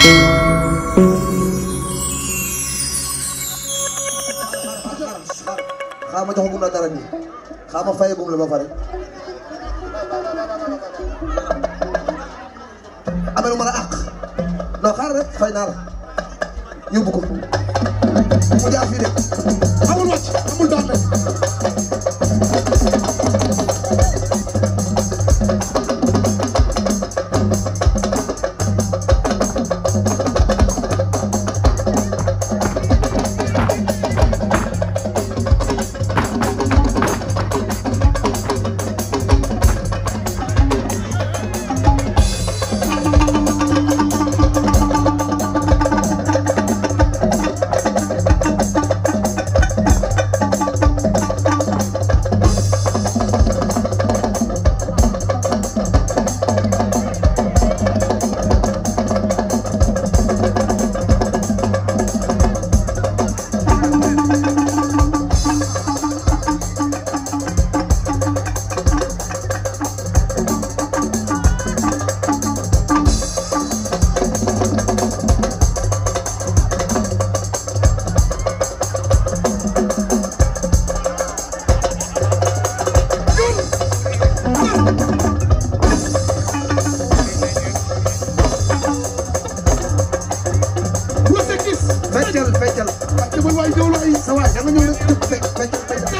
xaama joxagum la dara nii xaama fayagum la ba pare amelu ma la àq fay naa la mu jaar fii de Thank you.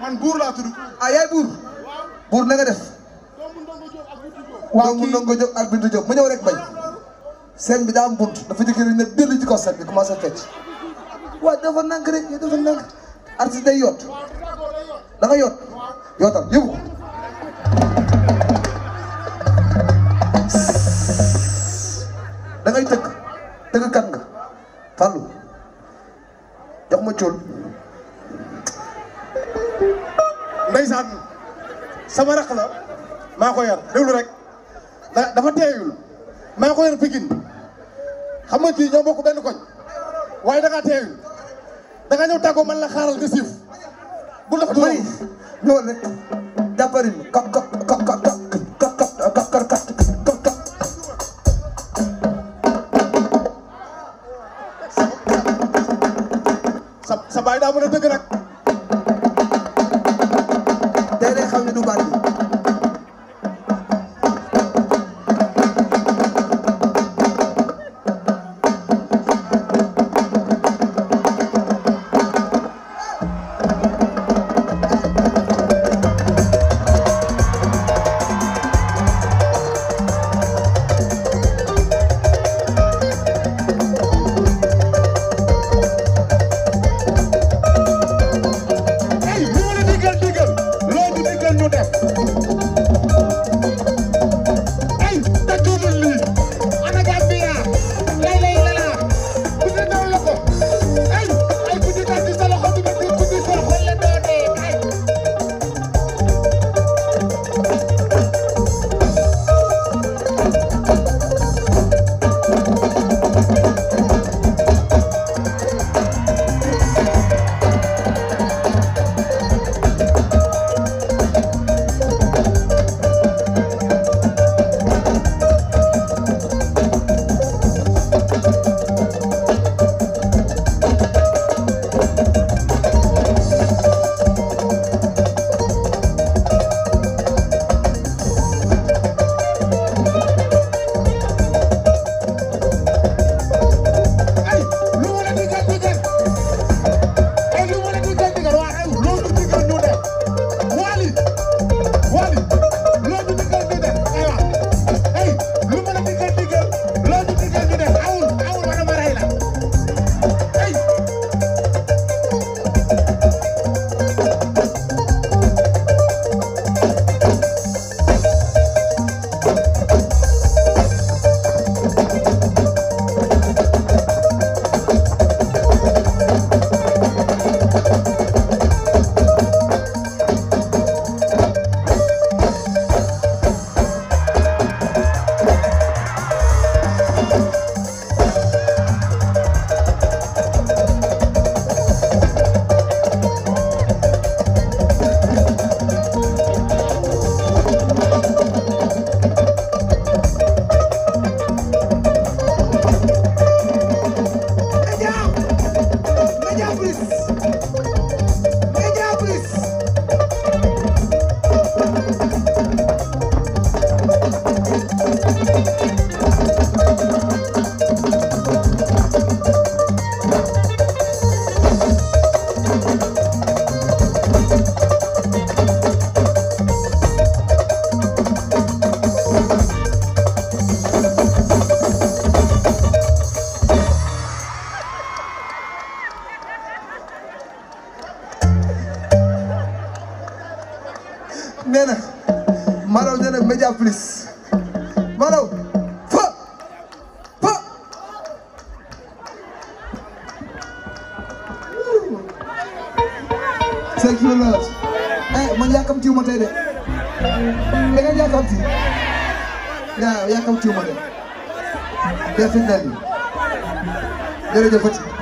man buur laa tudd. ah buur. buur na def. waaw kii doomu ndongo Diop ak Bintu Diop ma ñëw rek bay seen bi daa am bunt dafa njëkk rek ne dellu ci kaw seen bi commencé fecc. waaw dafa nank rek dafa nank artiste day yott da nga yott yottal yóbbu ko. tëgg tëggkat ma raq la maa ko yar déglu rek dafa teeyul maa ko yar Pikine xam nga kii ñoo bokk benn koñ waaye da teeyul da nga ñëw tàggoo man la xaaral nga siif bu ndox du ñëwal rek kap kap Malaw fa fa cinq minutes eh man yàkkamtiwuma tey de da ngeen yàkkamti waaw yàkkamtiwuma de def fi ndel bi jërëjëf